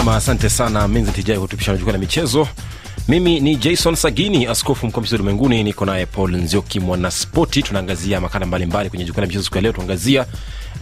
Nyama, asante sana Menzi kutupisha na la michezo. Mimi ni Jason Sagini, askofu mkombozi ulimwenguni. Niko naye Paul Nzioki, mwanaspoti. Tunaangazia makala mbalimbali kwenye jukwa la michezo siku ya leo. Tuangazia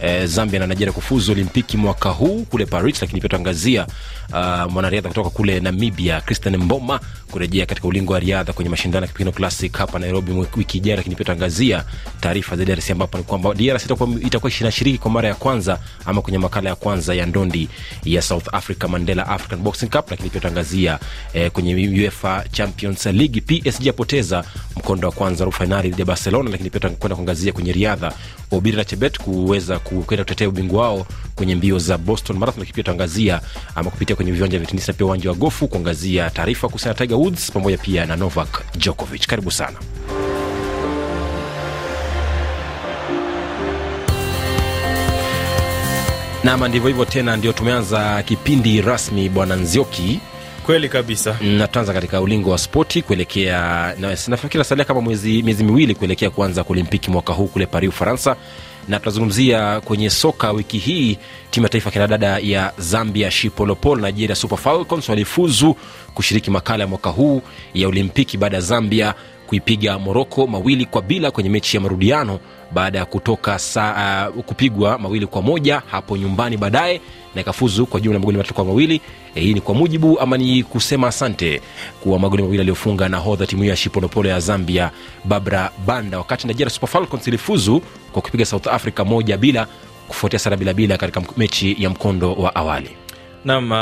eh, Zambia na Nigeria kufuzu Olimpiki mwaka huu kule Paris. Lakini pia tuangazia uh, mwanariadha kutoka kule Namibia cristian Mboma kurejea katika ulingo wa riadha kwenye mashindano ya Kipigano Classic hapa Nairobi wiki ijayo. Lakini pia tuangazia taarifa za DRC ambapo ni kwamba DRC itakuwa inashiriki kwa mara ya kwanza ama kwenye makala ya kwanza ya ndondi ya South Africa Mandela African Boxing Cup. Lakini pia tuangazia eh, kwenye UEFA Champions League PSG apoteza mkondo wa kwanza robo fainali dhidi ya Barcelona, lakini pia tutakwenda kuangazia kwenye riadha Obiri na Chebet kuweza kwenda kutetea ubingwa wao kwenye mbio za Boston Marathon, lakini pia tutaangazia ama kupitia kwenye viwanja vya tenisi na pia uwanja wa gofu kuangazia taarifa kuhusiana na Tiger Woods pamoja pia na Novak Djokovic. Karibu sana. Nam, ndivyo hivyo tena, ndio tumeanza kipindi rasmi bwana Nzioki Kweli kabisa. Na tutaanza katika ulingo wa spoti kuelekea, nafikiri salia kama miezi miwili kuelekea kuanza kwa Olimpiki mwaka huu kule Paris, Ufaransa na tutazungumzia kwenye soka wiki hii, timu ya taifa kinadada ya Zambia shipolopol Nigeria Super Falcons walifuzu kushiriki makala ya mwaka huu ya Olimpiki baada ya Zambia kuipiga Moroko mawili kwa bila kwenye mechi ya marudiano baada ya kutoka saa, uh, kupigwa mawili kwa moja hapo nyumbani baadaye na ikafuzu kwa jumla magoli matatu kwa mawili. E, hii ni kwa mujibu ama ni kusema asante kwa magoli mawili aliyofunga nahodha timu hiyo ya shipolopolo ya Zambia Babra Banda, wakati Nigeria Super Falcons ilifuzu kwa kupiga South Africa moja bila kufuatia sara bila bila katika mechi ya mkondo wa awali. Naam, uh,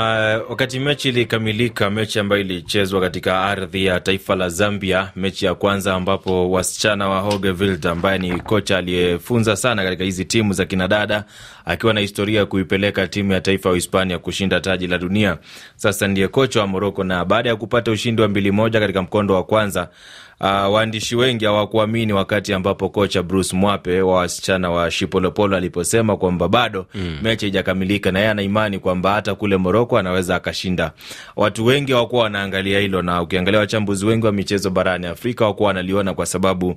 wakati mechi ilikamilika, mechi ambayo ilichezwa katika ardhi ya taifa la Zambia, mechi ya kwanza ambapo wasichana wa Hoge ambaye ni kocha aliyefunza sana katika hizi timu za kinadada, akiwa na historia ya kuipeleka timu ya taifa ya Hispania kushinda taji la dunia, sasa ndiye kocha wa Moroko, na baada ya kupata ushindi wa mbili moja katika mkondo wa kwanza Uh, waandishi wengi hawakuamini wakati ambapo kocha Bruce Mwape wa wasichana wa Shipolopolo aliposema kwamba bado mm, mechi haijakamilika na yeye ana imani kwamba hata kule Moroko anaweza akashinda. Watu wengi hawakuwa wanaangalia hilo, na ukiangalia wachambuzi wengi wa michezo barani Afrika hawakuwa wanaliona, kwa sababu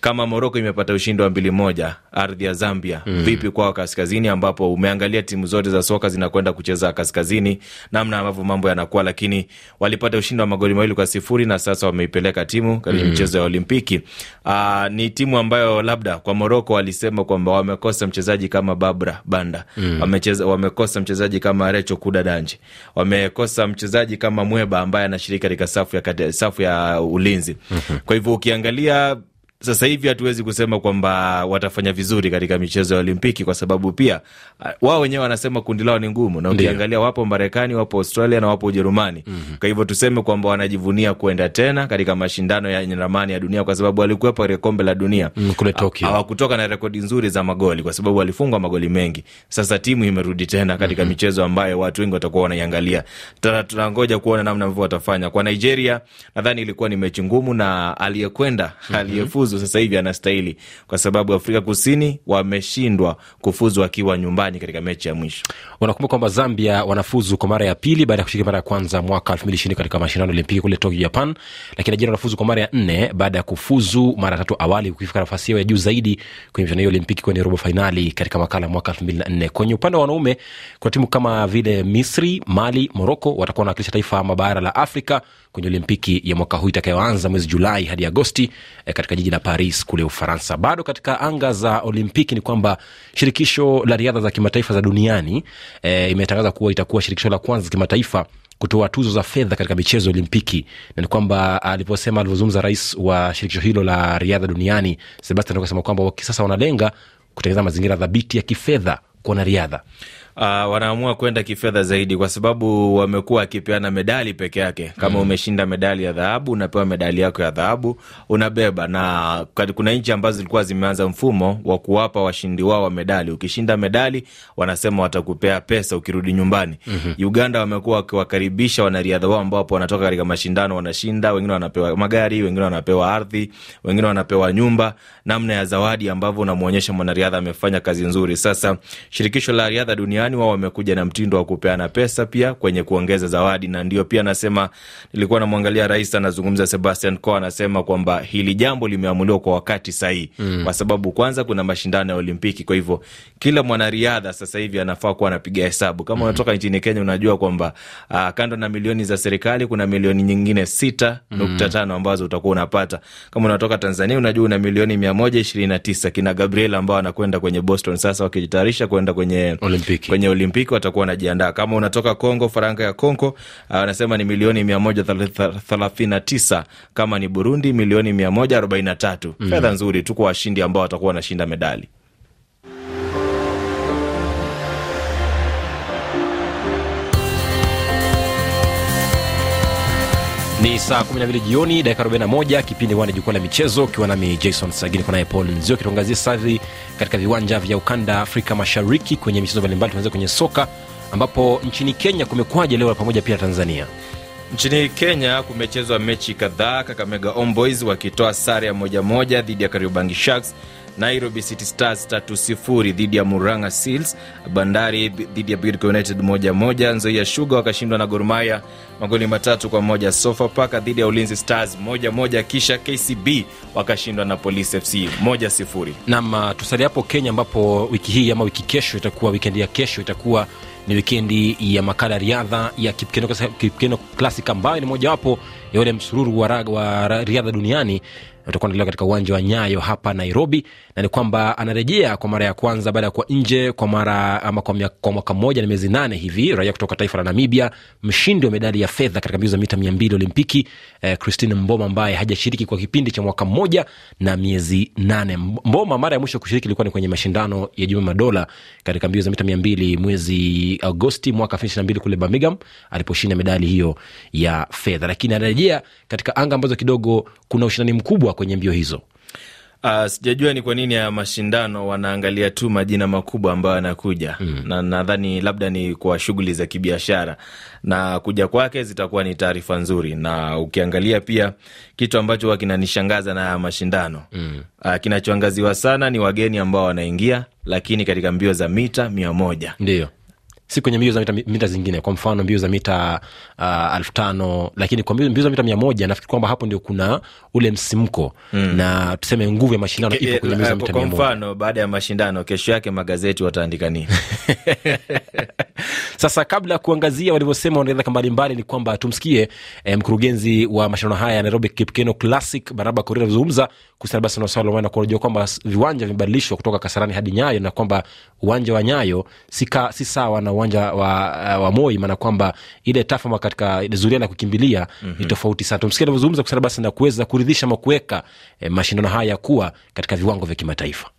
kama Moroko imepata ushindi wa mbili moja ardhi ya Zambia, mm. vipi kwao kaskazini, ambapo umeangalia timu zote za soka zinakwenda kucheza kaskazini, namna ambavyo mambo yanakuwa, lakini walipata ushindi wa magoli mawili kwa sifuri na sasa wameipeleka timu katika mm. michezo mm. ya Olimpiki. Aa, ah, ni timu ambayo labda kwa Moroko walisema kwamba wamekosa mchezaji kama Babra Banda mm. wamekosa mchezaji kama Recho Kudadanji. Wamekosa mchezaji kama Mweba ambaye anashiriki katika safu ya, safu ya ulinzi. Mhm. Kwa hivyo ukiangalia sasa hivi hatuwezi kusema kwamba watafanya vizuri katika michezo ya Olimpiki kwa sababu pia uh, wao wenyewe wanasema kundi lao ni ngumu, na ukiangalia wapo Marekani, wapo Australia na wapo Ujerumani. mm -hmm. Kwa hivyo tuseme kwamba wanajivunia kuenda tena katika mashindano ya ramani ya dunia, kwa sababu walikuwepo katika kombe la dunia mm, kule Tokyo hawakutoka na rekodi nzuri za magoli, kwa sababu walifungwa magoli mengi. Sasa timu imerudi tena katika mm -hmm. michezo ambayo watu wengi watakuwa wanaiangalia. Tunangoja kuona namna ambavyo watafanya. Kwa Nigeria nadhani ilikuwa ni mechi ngumu, na aliyekwenda mhm. aliyefuzu mm -hmm kufuzu sasa hivi anastahili, kwa sababu Afrika Kusini wameshindwa kufuzu wakiwa nyumbani katika mechi ya mwisho. Unakumbuka kwamba Zambia wanafuzu kwa mara ya pili baada ya kushiriki mara ya kwanza mwaka elfu mbili ishirini katika mashindano Olimpiki kule Tokyo, Japan, lakini Nigeria wanafuzu kwa mara ya nne baada ya kufuzu mara tatu awali, kufika nafasi yao ya juu zaidi kwenye michuano hiyo Olimpiki kwenye robo fainali katika makala ya mwaka elfu mbili na nne. Kwenye upande wa wanaume kuna timu kama vile Misri, Mali, Moroko watakuwa wanawakilisha taifa ama bara la Afrika kwenye Olimpiki ya mwaka huu itakayoanza mwezi Julai hadi Agosti eh, katika jiji la Paris kule Ufaransa. Bado katika anga za Olimpiki ni kwamba shirikisho la riadha za kimataifa za duniani e, imetangaza kuwa itakuwa shirikisho la kwanza za kimataifa kutoa tuzo za fedha katika michezo ya Olimpiki, na ni kwamba ah, alivyosema, alivyozungumza rais wa shirikisho hilo la riadha duniani Sebastian akasema kwamba wakisasa wanalenga kutengeneza mazingira dhabiti ya kifedha kwa wanariadha uh, wanaamua kwenda kifedha zaidi, kwa sababu wamekuwa wakipeana medali peke yake. Kama mm. umeshinda medali ya dhahabu, unapewa medali yako ya dhahabu, unabeba. Na kuna nchi ambazo zilikuwa zimeanza mfumo wa kuwapa washindi wao wa medali, ukishinda medali wanasema watakupea pesa ukirudi nyumbani. mm -hmm. Uganda wamekuwa wakiwakaribisha wanariadha wao ambapo wanatoka katika mashindano, wanashinda, wengine wanapewa magari, wengine wanapewa ardhi, wengine wanapewa nyumba, namna ya zawadi ambavyo unamwonyesha mwanariadha amefanya kazi nzuri. Sasa shirikisho la riadha duniani duniani, wao wamekuja na mtindo wa kupeana pesa pia kwenye kuongeza zawadi, na ndio pia anasema, nilikuwa namwangalia rais anazungumza, Sebastian Coe anasema kwamba hili jambo limeamuliwa kwa wakati sahihi mm. kwa sababu kwanza kuna mashindano ya Olimpiki, kwa hivyo kila mwanariadha sasa hivi anafaa kuwa anapiga hesabu kama mm. unatoka mm. nchini Kenya, unajua kwamba uh, kando na milioni za serikali kuna milioni nyingine sita mm. nukta tano ambazo utakuwa unapata kama unatoka Tanzania, unajua una milioni mia moja ishirini na tisa kina Gabriel ambao anakwenda kwenye Boston sasa wakijitayarisha kwenda kwenye Olimpiki kwenye Olimpiki watakuwa wanajiandaa. Kama unatoka Kongo, faranga ya Kongo uh, anasema ni milioni tisa. kama ni Burundi milioni 143. Mm. Fedha nzuri tu kwa washindi ambao watakuwa wanashinda medali. ni saa 12 jioni dakika 41 kipindi ni jukwaa la michezo ukiwa nami jason sagini naye paul nzio kitangazia savi katika viwanja vya ukanda afrika mashariki kwenye michezo mbalimbali tuanzia kwenye soka ambapo nchini kenya kumekuwaje leo pamoja pia tanzania Nchini Kenya kumechezwa mechi kadhaa, Kakamega wakitoa sare ya moja moja dhidi ya Kariobangi Sharks Nairobi City Stars tatu sifuri dhidi ya Murang'a Seals, Bandari dhidi ya Bidco United moja moja, Nzoia Sugar wakashindwa na Gor Mahia magoli matatu kwa moja, Sofapaka dhidi ya Ulinzi Stars moja moja, kisha KCB wakashindwa na Police FC moja sifuri. Nam, uh, tusalia hapo Kenya, ambapo wiki hii ama wiki kesho itakuwa wikendi ya kesho itakuwa ni wikendi ya makala ya riadha ya Kipkeno Classic ambayo ni mojawapo ya ule msururu wa, wa riadha duniani utakuwa unaendelea katika uwanja wa Nyayo hapa Nairobi, na ni kwamba anarejea kwa mara ya kwanza baada ya kuwa nje kwa mara ama kwa, mia, kwa mwaka mmoja na miezi nane hivi, raia kutoka taifa la Namibia, mshindi wa medali ya fedha katika mbio za mita mia mbili Olimpiki eh, Christine Mboma ambaye hajashiriki kwa kipindi cha mwaka mmoja na miezi nane. Mboma mara ya mwisho kushiriki ilikuwa ni kwenye mashindano ya jumbe Madola katika mbio za mita mia mbili mwezi Agosti mwaka elfu mbili ishirini na mbili kule Birmingham aliposhinda medali hiyo ya fedha, lakini anarejea katika anga ambazo kidogo kuna ushindani mkubwa kuondolewa kwenye mbio hizo. Uh, sijajua ni kwa nini ya mashindano wanaangalia tu majina makubwa ambayo yanakuja mm. Na nadhani labda ni kwa shughuli za kibiashara, na kuja kwake zitakuwa ni taarifa nzuri. Na ukiangalia pia kitu ambacho huwa kinanishangaza na haya mashindano mm. Uh, kinachoangaziwa sana ni wageni ambao wanaingia, lakini katika mbio za mita mia moja ndio si kwenye mbio za mita, mita zingine kwa mfano mbio za mita uh, elfu tano lakini kwa mbio za mita mia moja nafikiri kwamba hapo ndio kuna ule msimko mm. na tuseme nguvu ya mashindano ipo kwenye mbio za eh, mita mia moja mfano baada ya mashindano kesho yake magazeti wataandika nini Sasa kabla ya kuangazia walivyosema wanaweza mbalimbali, ni kwamba tumsikie eh, mkurugenzi wa mashindano haya ya Nairobi Kipkeno Classic Baraba Korir alizungumza kuhusiana basi na swala la kunajua kwamba viwanja vimebadilishwa kutoka Kasarani hadi Nyayo na kwamba uwanja wa Nyayo si, si sawa na uwanja wa, eh, wa Moi, maana kwamba ile tafama katika ile zulia la kukimbilia mm -hmm. ni mhm. tofauti sana. Tumsikie alivyozungumza kuhusiana basi na kuweza kuridhisha ama kuweka eh, mashindano haya kuwa katika viwango vya kimataifa.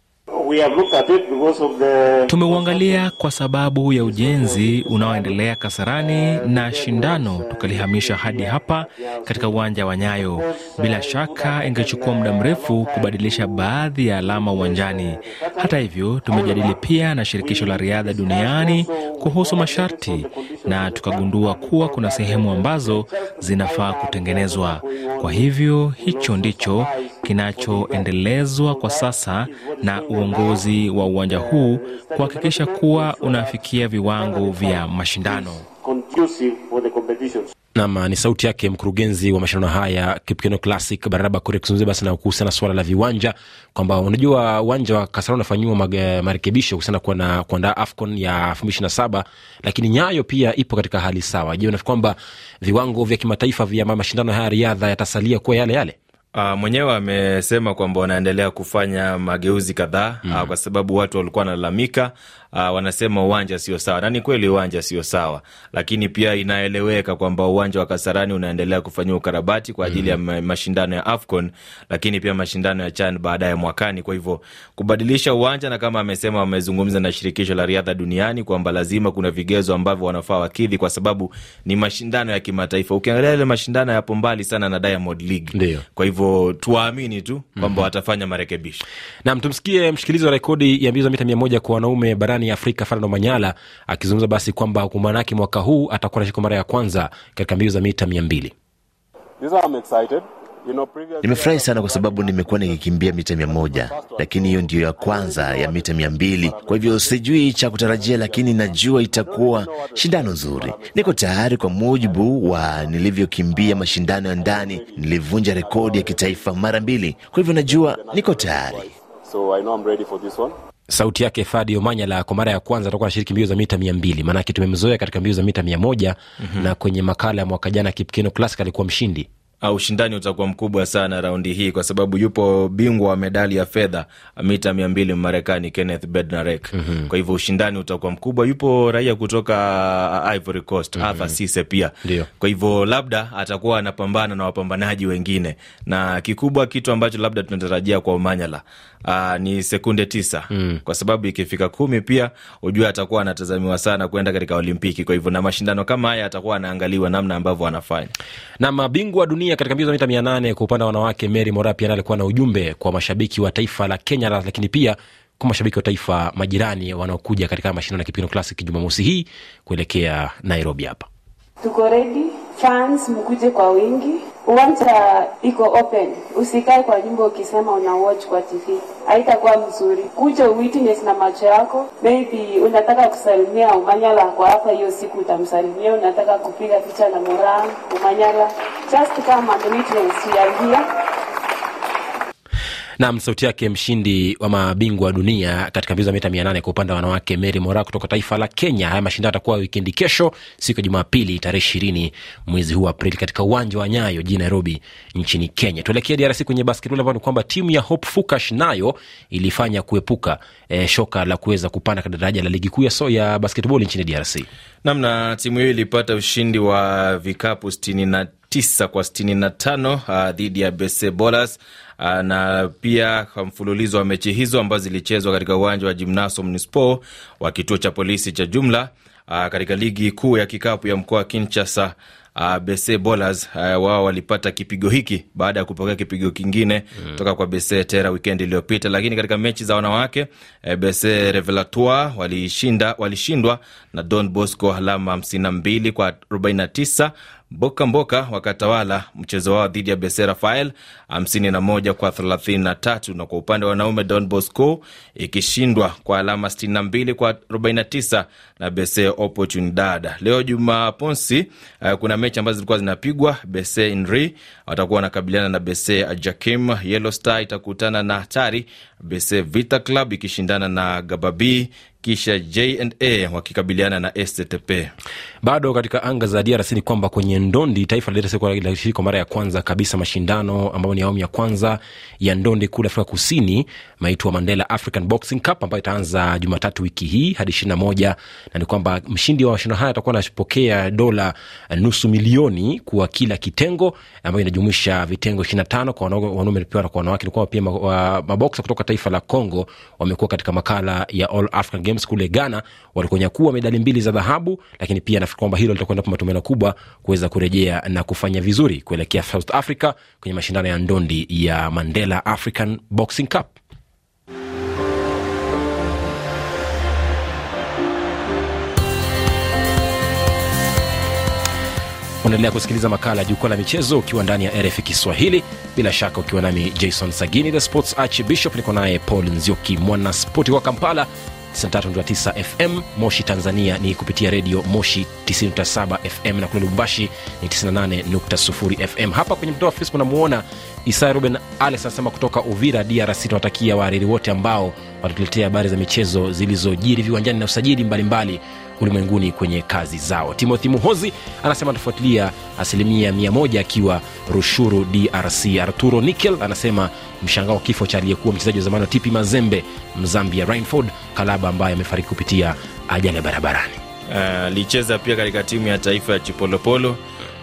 Tumeuangalia kwa sababu ya ujenzi unaoendelea Kasarani na shindano tukalihamisha hadi hapa katika uwanja wa Nyayo. Bila shaka ingechukua muda mrefu kubadilisha baadhi ya alama uwanjani. Hata hivyo, tumejadili pia na shirikisho la riadha duniani kuhusu masharti na tukagundua kuwa kuna sehemu ambazo zinafaa kutengenezwa. Kwa hivyo hicho ndicho kinachoendelezwa kwa sasa na uongozi wa uwanja huu kuhakikisha kuwa unafikia viwango vya mashindano. Nam ni sauti yake mkurugenzi wa mashindano haya Kipkeno Classic Baraba Kuria kuzungumzia basi na kuhusiana na swala la viwanja, kwamba unajua uwanja wa Kasarani unafanyiwa eh, marekebisho kuhusiana kuwa na kuandaa AFCON ya elfu mbili ishirini na saba, lakini Nyayo pia ipo katika hali sawa. Je, unafikiri kwamba viwango vya kimataifa vya mashindano haya riadha yatasalia kuwa yale yale? Uh, mwenyewe amesema kwamba wanaendelea kufanya mageuzi kadhaa mm. Uh, kwa sababu watu walikuwa wanalalamika uh, wanasema uwanja sio sawa, na ni kweli uwanja sio sawa, lakini pia inaeleweka kwamba uwanja wa Kasarani unaendelea kufanyia ukarabati kwa ajili mm. ya mm-hmm. mashindano ya AFCON, lakini pia mashindano ya CHAN baadaye mwakani. Kwa hivyo kubadilisha uwanja, na kama amesema, wamezungumza na shirikisho la riadha duniani kwamba lazima kuna vigezo ambavyo wanafaa wakidhi, kwa sababu ni mashindano ya kimataifa. Ukiangalia yale mashindano yapo mbali sana na Diamond League. Ndiyo. Kwa hivyo tuwaamini tu kwamba mm -hmm. watafanya marekebisho. Nam, tumsikie mshikilizi wa rekodi ya mbio za mita mia moja kwa wanaume barani barani Afrika Fernando Manyala akizungumza basi kwamba maanake mwaka huu atakuwa anashiriki kwa mara ya kwanza katika mbio za mita mia mbili. Nimefurahi sana kwa sababu nimekuwa nikikimbia mita mia moja lakini hiyo ndiyo ya kwanza ya mita mia mbili Kwa hivyo sijui cha kutarajia, lakini najua itakuwa shindano nzuri. Niko tayari. Kwa mujibu wa nilivyokimbia mashindano ya ndani, nilivunja rekodi ya kitaifa mara mbili, kwa hivyo najua niko tayari. So I know I'm ready for this one sauti yake Fadi Omanyala kwa mara ya kwanza atakuwa anashiriki mbio za mita mia mbili maanake tumemzoea katika mbio za mita mia moja mm -hmm. na kwenye makala ya mwaka jana Kipkeno Classic alikuwa mshindi uh, ushindani utakuwa mkubwa sana raundi hii kwa sababu yupo bingwa wa medali ya fedha mita mia mbili Marekani, Kenneth Bednarek. mm -hmm. Kwa hivyo ushindani utakuwa mkubwa. Yupo raia kutoka uh, Ivory Coast mm -hmm. Arthur Cisse pia. Dio. Kwa hivyo labda atakuwa anapambana na wapambanaji wengine, na kikubwa kitu ambacho labda tunatarajia kwa Omanyala uh, ni sekunde tisa mm. kwa sababu ikifika kumi pia ujue atakuwa anatazamiwa sana kwenda katika Olimpiki. Kwa hivyo na mashindano kama haya atakuwa anaangaliwa namna ambavyo anafanya na mabingwa dunia dunia katika mbio za mita mia nane kwa upande wa wanawake, Mary Moraa pia alikuwa na ujumbe kwa mashabiki wa taifa la Kenya, lakini pia kwa mashabiki wa taifa majirani wanaokuja katika mashindano ya Kipino Classic Jumamosi hii kuelekea Nairobi. Hapa tuko ready, fans mkuje kwa wingi, uwanja iko open. Usikae kwa nyumba ukisema una watch kwa TV, haitakuwa mzuri. Kuja witness na macho yako. Maybe unataka kusalimia Umanyala kwa hapa, hiyo siku utamsalimia. Unataka kupiga picha na Moraa Umanyala just come and meet me. We are here. Nam, sauti yake mshindi wa mabingwa wa dunia katika mbio za mita mia nane kwa upande wa wanawake Mary Mora kutoka taifa la Kenya. Haya mashindano yatakuwa wikendi kesho, siku ya Jumapili tarehe ishirini mwezi huu Aprili katika uwanja wa Nyayo jijini Nairobi nchini Kenya. Tuelekee DRC kwenye basketball ambao ni kwamba timu ya Hope Fukash nayo ilifanya kuepuka eh, shoka la kuweza kupanda katika daraja la ligi kuu ya so ya basketball nchini DRC. Namna timu hiyo ilipata ushindi wa vikapu sitini na tisa kwa na tano ah, dhidi ya Bese Bolas ah, na pia mfululizo wa mechi hizo ambazo zilichezwa katika uwanja wa Jimnaso Municipal wa kituo cha polisi cha jumla ah, katika ligi kuu ya kikapu ya mkoa wa Kinshasa. Uh, Bese Bolas uh, wao walipata kipigo hiki baada ya kupokea kipigo kingine mm, toka kwa Bese Tera wikendi iliyopita. Lakini katika mechi za wanawake uh, eh, Bese Revelatoire walishinda walishindwa na Don Bosco alama 52 kwa 49 Boka Mboka wakatawala mchezo wao dhidi ya besera Rafael 51 kwa 33, na kwa upande wa wanaume Don Bosco ikishindwa kwa alama 62 kwa 49 na Bese Oportunidad. Leo Jumaponsi uh, eh, kuna mechi ambazo zilikuwa zinapigwa. Bese Inri watakuwa wanakabiliana na Bese Jakim, Yellow Star itakutana na Hatari, Bese Vita Club ikishindana na Gababi kisha JNA wakikabiliana na STP. Bado katika anga za DRC ni kwamba kwenye ndondi taifa la DRC linashiriki kwa mara ya kwanza kabisa mashindano ambayo ni awamu ya kwanza ya ndondi kule Afrika Kusini maitwa Mandela African Boxing Cup ambayo itaanza Jumatatu wiki hii hadi ishirini na moja na ni kwamba mshindi wa mashindano haya atakuwa anapokea dola eh, nusu milioni kwa kila kitengo ambayo inajumuisha vitengo ishirini na tano kwa wanaume pia na kwa wanawake. Ni kwamba pia maboksa kutoka taifa la Congo wamekuwa katika makala ya All African Games kule Ghana walikonyakua medali mbili za dhahabu, lakini pia nafikiri kwamba hilo litakwenda kwa matumaini kubwa kuweza kurejea na kufanya vizuri kuelekea South Africa kwenye mashindano ya ndondi ya Mandela African Boxing Cup. Unaendelea kusikiliza makala ya jukwaa la michezo ukiwa ndani ya rf Kiswahili, bila shaka ukiwa nami Jason Sagini, the sports archbishop. Niko naye Paul Nzioki, spoti wa Kampala, 93.9 FM Moshi Tanzania ni kupitia redio Moshi 97 FM na kule Lubumbashi ni 98.0 FM. Hapa kwenye mtandao wa Facebook unamwona Isaya Ruben Alex anasema kutoka Uvira DRC, tunawatakia wahariri wote ambao watatuletea habari za michezo zilizojiri viwanjani na usajili mbalimbali mbali ulimwenguni kwenye kazi zao. Timothy Muhozi anasema anafuatilia asilimia 1 akiwa Rushuru, DRC. Arturo Nikel anasema mshangao wa kifo cha aliyekuwa mchezaji wa zamani wa TP Mazembe Mzambia Rainford Kalaba ambaye amefariki kupitia ajali ya barabarani. Eh, alicheza uh, pia katika timu ya taifa ya Chipolopolo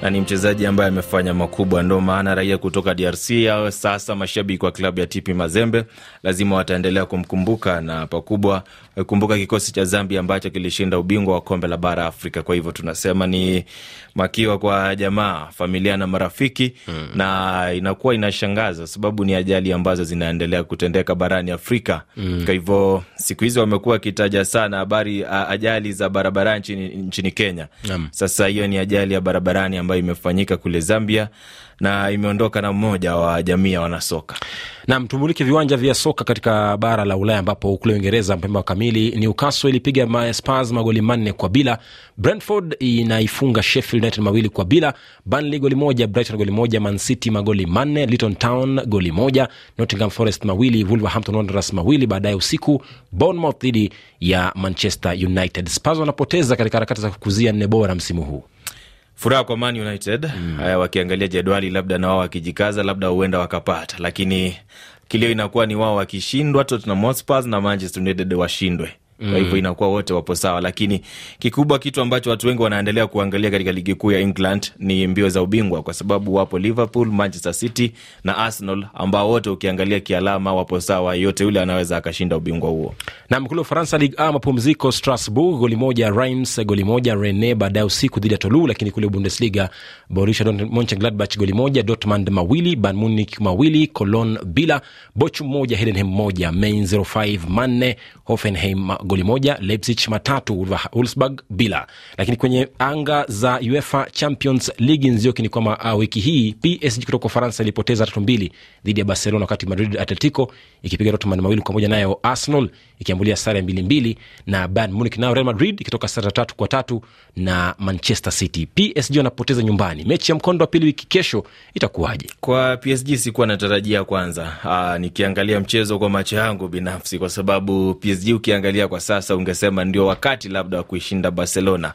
na ni mchezaji ambaye amefanya makubwa. Ndo maana raia kutoka DRC awe sasa mashabiki wa klabu ya TP Mazembe lazima wataendelea kumkumbuka na pakubwa. Eh, kumbuka kikosi cha Zambia ambacho kilishinda ubingwa wa kombe la bara Afrika. Kwa hivyo tunasema ni makiwa kwa jamaa, familia na marafiki mm. na inakuwa inashangaza sababu ni ajali ambazo zinaendelea kutendeka barani Afrika mm. kwa hivyo siku hizi wamekuwa wakitaja sana habari ajali za barabara nchini, nchini Kenya mm. Sasa hiyo ni ajali ya barabarani ambayo imefanyika kule Zambia na imeondoka na mmoja wa jamii ya wanasoka. Nam, tumulike viwanja vya soka katika bara la Ulaya ambapo kule Uingereza mpemba wa kamili Newcastle ilipiga Spurs magoli manne kwa bila. Brentford inaifunga Sheffield United mawili kwa bila. Burnley goli moja, Brighton goli moja, Man City magoli manne, Luton Town goli moja, Nottingham Forest mawili, Wolverhampton Wanderers mawili. Baadaye usiku Bournemouth dhidi ya Manchester United. Spurs wanapoteza katika harakati za kukuzia nne bora msimu huu. Furaha kwa Man United mm. Haya, wakiangalia jedwali, labda na wao wakijikaza, labda huenda wakapata, lakini kilio inakuwa ni wao wakishindwa, Tottenham Hotspur na Manchester United washindwe. Mm. hivyo inakuwa wote wapo sawa, lakini kikubwa, kitu ambacho watu wengi wanaendelea kuangalia katika ligi kuu ya England ni mbio za ubingwa, kwa sababu wapo Liverpool, Manchester City na Arsenal ambao wote ukiangalia kialama wapo sawa, yote yule anaweza akashinda ubingwa huo. Nam kule Ufaransa, lig A mapumziko, Strasbourg goli moja, rims goli moja, rene baadaye usiku dhidi ya Tolu. Lakini kule Bundesliga, Borussia Monchengladbach goli moja, Dortmund mawili, banmunic mawili, colon bila, Bochum moja, Heidenheim moja, main 05 manne, Hoffenheim goli moja, Leipzig matatu, Wolfsburg bila. Lakini kwenye anga za UEFA Champions League Nzioki, ni kwamba ah, wiki hii PSG kutoka Ufaransa ilipoteza tatu mbili dhidi ya Barcelona, wakati Madrid Atletico ikipiga mani mawili kwa moja, nayo Arsenal ikiambulia sare ya mbili mbili na Bayern Munich, nao Real Madrid ikitoka sare tatu kwa tatu na Manchester City. PSG wanapoteza nyumbani. Mechi ya mkondo wa pili wiki kesho itakuwaje? Kwa PSG sikuwa natarajia kwanza, aa, ah, nikiangalia mchezo kwa macho yangu binafsi, kwa sababu PSG ukiangalia kwa kwa sasa, ungesema ndio wakati labda wa kuishinda Barcelona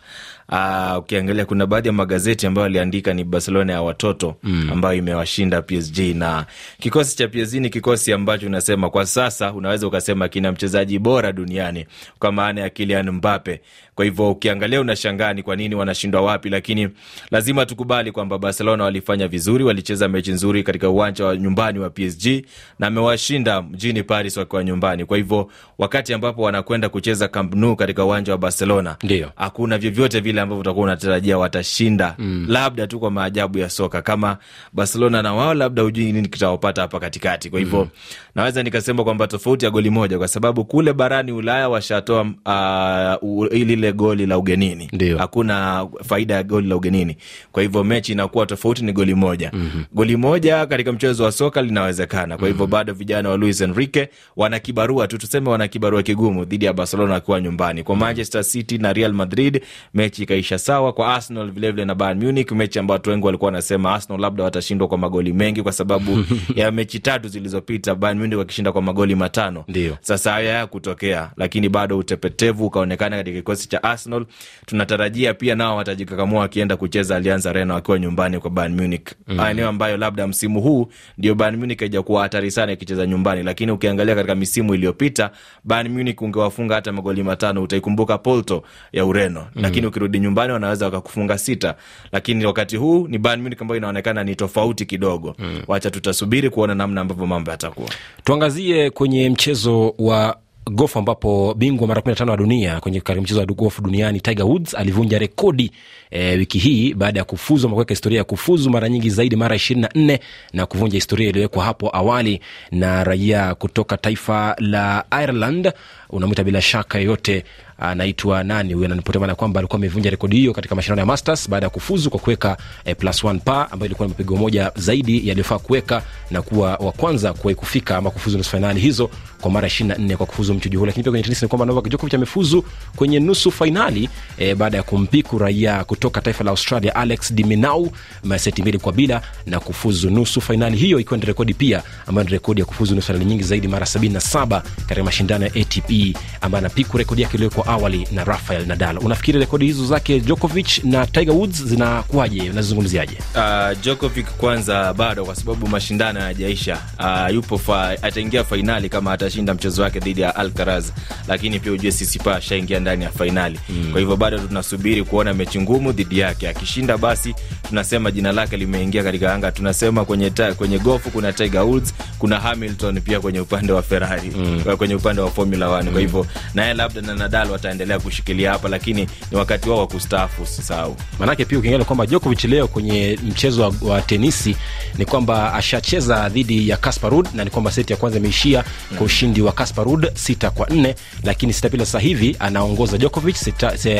uh, ukiangalia kuna baadhi ya magazeti ambayo aliandika ni Barcelona ya watoto mm. ambayo imewashinda PSG na kikosi cha PSG ni kikosi ambacho unasema kwa sasa unaweza ukasema kina mchezaji bora duniani kwa maana ya Kylian Mbappe. Kwa hivyo ukiangalia unashangaa ni kwa nini wanashindwa wapi, lakini lazima tukubali kwamba Barcelona walifanya vizuri, walicheza mechi nzuri katika uwanja wa nyumbani wa PSG na amewashinda mjini Paris wakiwa nyumbani. Kwa hivyo wakati ambapo wanakwenda kucheza Camp Nou katika uwanja wa Barcelona, ndio hakuna vyovyote vile vile ambavyo utakuwa unatarajia watashinda mm. labda tu kwa maajabu ya soka kama Barcelona na wao labda hujui nini kitawapata hapa katikati. Kwa hivyo mm. naweza nikasema kwamba tofauti ya goli moja, kwa sababu kule barani Ulaya washatoa uh, lile goli la ugenini. Ndiyo. hakuna faida ya goli la ugenini, kwa hivyo mechi inakuwa tofauti ni goli moja mm -hmm. goli moja katika mchezo wa soka linawezekana. Kwa hivyo mm -hmm. bado vijana wa Luis Enrique wana kibarua tu, tuseme wana kibarua kigumu dhidi ya Barcelona wakiwa nyumbani kwa mm. Manchester City na Real Madrid mechi ikaisha sawa kwa Arsenal vilevile vile na Bayern Munich, mechi ambayo watu wengi walikuwa wanasema Arsenal labda watashindwa kwa magoli mengi kwa sababu ya mechi tatu zilizopita Bayern Munich wakishinda kwa magoli matano. Ndiyo. Sasa haya haya kutokea, lakini bado utepetevu ukaonekana katika kikosi cha Arsenal. Tunatarajia pia nao watajikakamua wakienda kucheza Allianz Arena wakiwa nyumbani kwa Bayern Munich mm. -hmm. eneo ambayo labda msimu huu ndio Bayern Munich haijakuwa hatari sana ikicheza nyumbani, lakini ukiangalia katika misimu iliyopita Bayern Munich ungewafunga hata magoli matano, utaikumbuka Porto ya Ureno mm. -hmm. lakini ukirudi wakirudi nyumbani wanaweza wakakufunga sita, lakini wakati huu ni Bayern Munich ambayo inaonekana ni tofauti kidogo mm. Wacha tutasubiri kuona namna ambavyo mambo yatakuwa. Tuangazie kwenye mchezo wa gofu ambapo bingwa mara 15 wa dunia kwenye mchezo wa gofu duniani Tiger Woods alivunja rekodi e, wiki hii baada ya kufuzu ama kuweka historia ya kufuzu mara nyingi zaidi mara 24 na kuvunja historia iliyowekwa hapo awali na raia kutoka taifa la Ireland, unamwita bila shaka yoyote anaitwa nani huyo ananipotea maana kwamba alikuwa amevunja rekodi hiyo katika mashindano ya Masters baada ya kufuzu kwa kuweka eh, plus one pa ambayo ilikuwa ni mapigo moja zaidi yaliyofaa kuweka na kuwa wa kwanza kuwahi kufika ama kufuzu nusu fainali hizo kwa mara 24 kwa kufuzu mchujo huo. Lakini pia kwenye tenisi ni kwamba Novak Djokovic amefuzu kwenye nusu fainali eh, baada ya kumpiku raia kutoka taifa la Australia Alex de Minaur maseti mbili kwa bila na kufuzu nusu fainali hiyo, ikiwa ni rekodi pia ambayo ni rekodi ya kufuzu nusu fainali nyingi zaidi mara 77 katika mashindano ya ATP ambayo anapiku rekodi yake iliyowekwa awali na Rafael Nadal. Unafikiri rekodi hizo zake Djokovic na Tiger Woods zinakuwaje, unazizungumziaje? Uh, Djokovic kwanza bado, kwa sababu mashindano hayajaisha. Uh, yupo fa, ataingia fainali kama atashinda mchezo wake dhidi ya Alcaraz, lakini pia ujue Sisipa ashaingia ndani ya fainali mm. Kwa hivyo bado tunasubiri kuona mechi ngumu dhidi yake. Akishinda basi tunasema jina lake limeingia katika anga. Tunasema kwenye, ta, kwenye gofu kuna Tiger Woods, kuna Hamilton pia kwenye upande wa Ferrari mm. Kwenye upande wa Formula 1 mm. Kwa hivyo naye labda na Nadal wataendelea kushikilia hapa, lakini ni wakati wao wa kustaafu, usisahau. Maanake pia ukiangalia kwamba Djokovic leo kwenye mchezo wa, wa tenisi ni kwamba ashacheza dhidi ya Casper Ruud na ni kwamba seti ya kwanza imeishia kwa mm. ushindi wa Casper Ruud sita kwa nne, lakini sita bila. Sasa hivi anaongoza Djokovic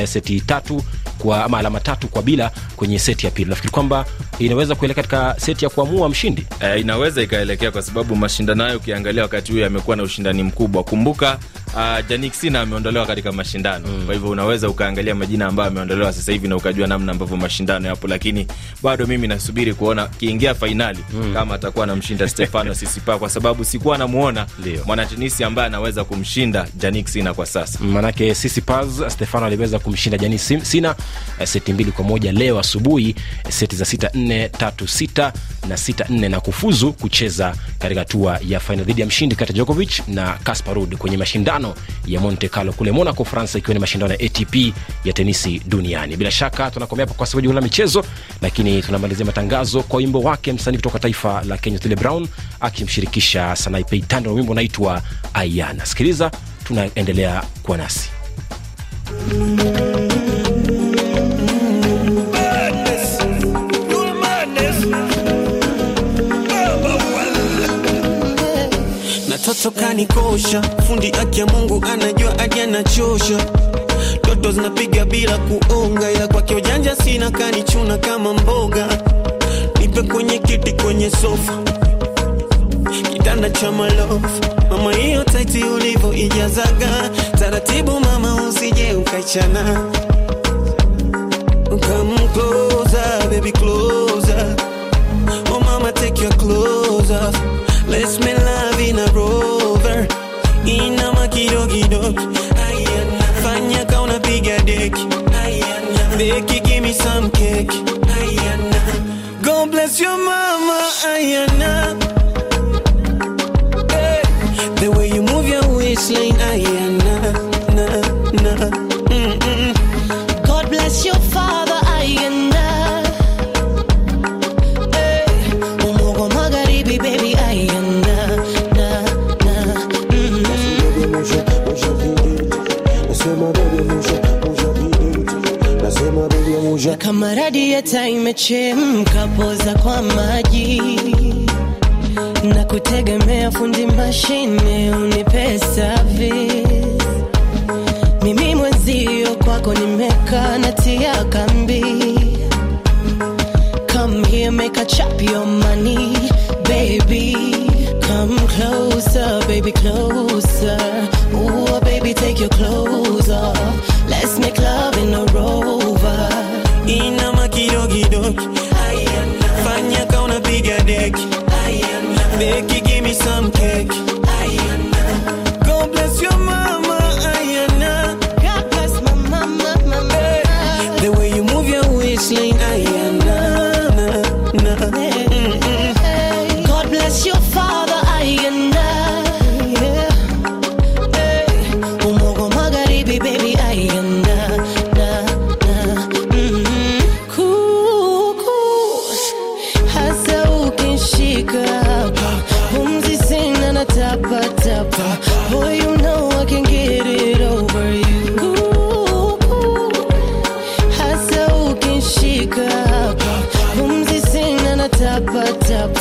seti tatu kwa ama alama tatu kwa bila kwenye seti ya pili. Nafikiri kwamba inaweza kuelekea katika seti ya kuamua mshindi e, inaweza ikaelekea kwa sababu mashindano hayo ukiangalia wakati huyo yamekuwa na ushindani mkubwa. Kumbuka uh, ah, Jannik Sinner ameondolewa katika mashindano mm. Kwa hivyo unaweza ukaangalia majina ambayo ameondolewa sasa hivi na ukajua namna ambavyo mashindano yapo, lakini bado mimi nasubiri kuona kiingia fainali mm. kama atakuwa anamshinda Stefano Sisipa, kwa sababu sikuwa namuona mwanatenisi ambaye anaweza kumshinda Jannik Sinner kwa sasa, manake Sisipa Stefano aliweza kumshinda Jannik Sinner eh, seti mbili kwa moja leo asubuhi, eh, seti za sita nne tatu sita na sita nne na kufuzu kucheza katika hatua ya fainali dhidi ya mshindi kati ya Djokovic na Kasparud kwenye mashindano mashindano ya Monte Carlo kule Monaco, France, ikiwa ni mashindano ya ATP ya tenisi duniani. Bila shaka tunakomea hapa kwa sababu michezo, lakini tunamalizia matangazo kwa wimbo wake msanii kutoka taifa la Kenya Otile Brown akimshirikisha Sanaipei Tande na wimbo unaitwa Ayana. Sikiliza, tunaendelea kuwa nasi soka ni kosha, fundi aki ya Mungu anajua aki anachosha. Toto zinapiga bila kuonga, ila kwake ujanja sina, kanichuna kama mboga. Nipe kwenye kiti, kwenye sofa, kitanda cha malofu. Mama hiyo taiti ulivo ijazaga taratibu, mama usije ukaichana. Come closer, baby closer. Oh mama take your clothes off Bless me love in a rover Ina makidokidok Fanya ka unapiga deki Deki give me some cake God bless your mama Ayana hey. The way you move your waistline Ayana na, na. nimechemka poza kwa maji na kutegemea fundi mashine unipe service. Mimi mwenzio kwako nimekaa na tia kambi. Come here, make a chop your money baby. Come closer, baby, closer. Ooh, baby, take your clothes off. Let's make love in a rover. Fanya kauna piga deki deki what's up.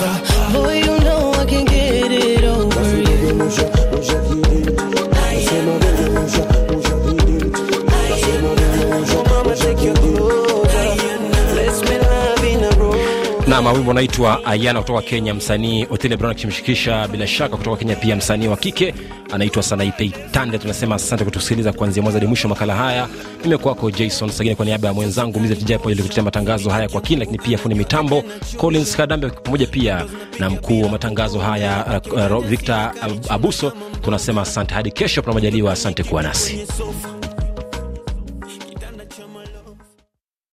Ayana kutoka Kenya, msanii Otile Brown akimshirikisha bila shaka kutoka Kenya pia msanii wa kike anaitwa Sanaipei Tande. Tunasema asante kutusikiliza kuanzia mwanzo hadi mwisho makala haya. Nimekuwako Jason Sagini kwa niaba ya mwenzangu Tijai pamoja likutetea matangazo haya kwa kina, lakini pia fundi mitambo Collins Kadambe pamoja pia na mkuu wa matangazo haya uh, uh, Victor Abuso. Tunasema asante hadi kesho, pana majaliwa. Asante kuwa nasi.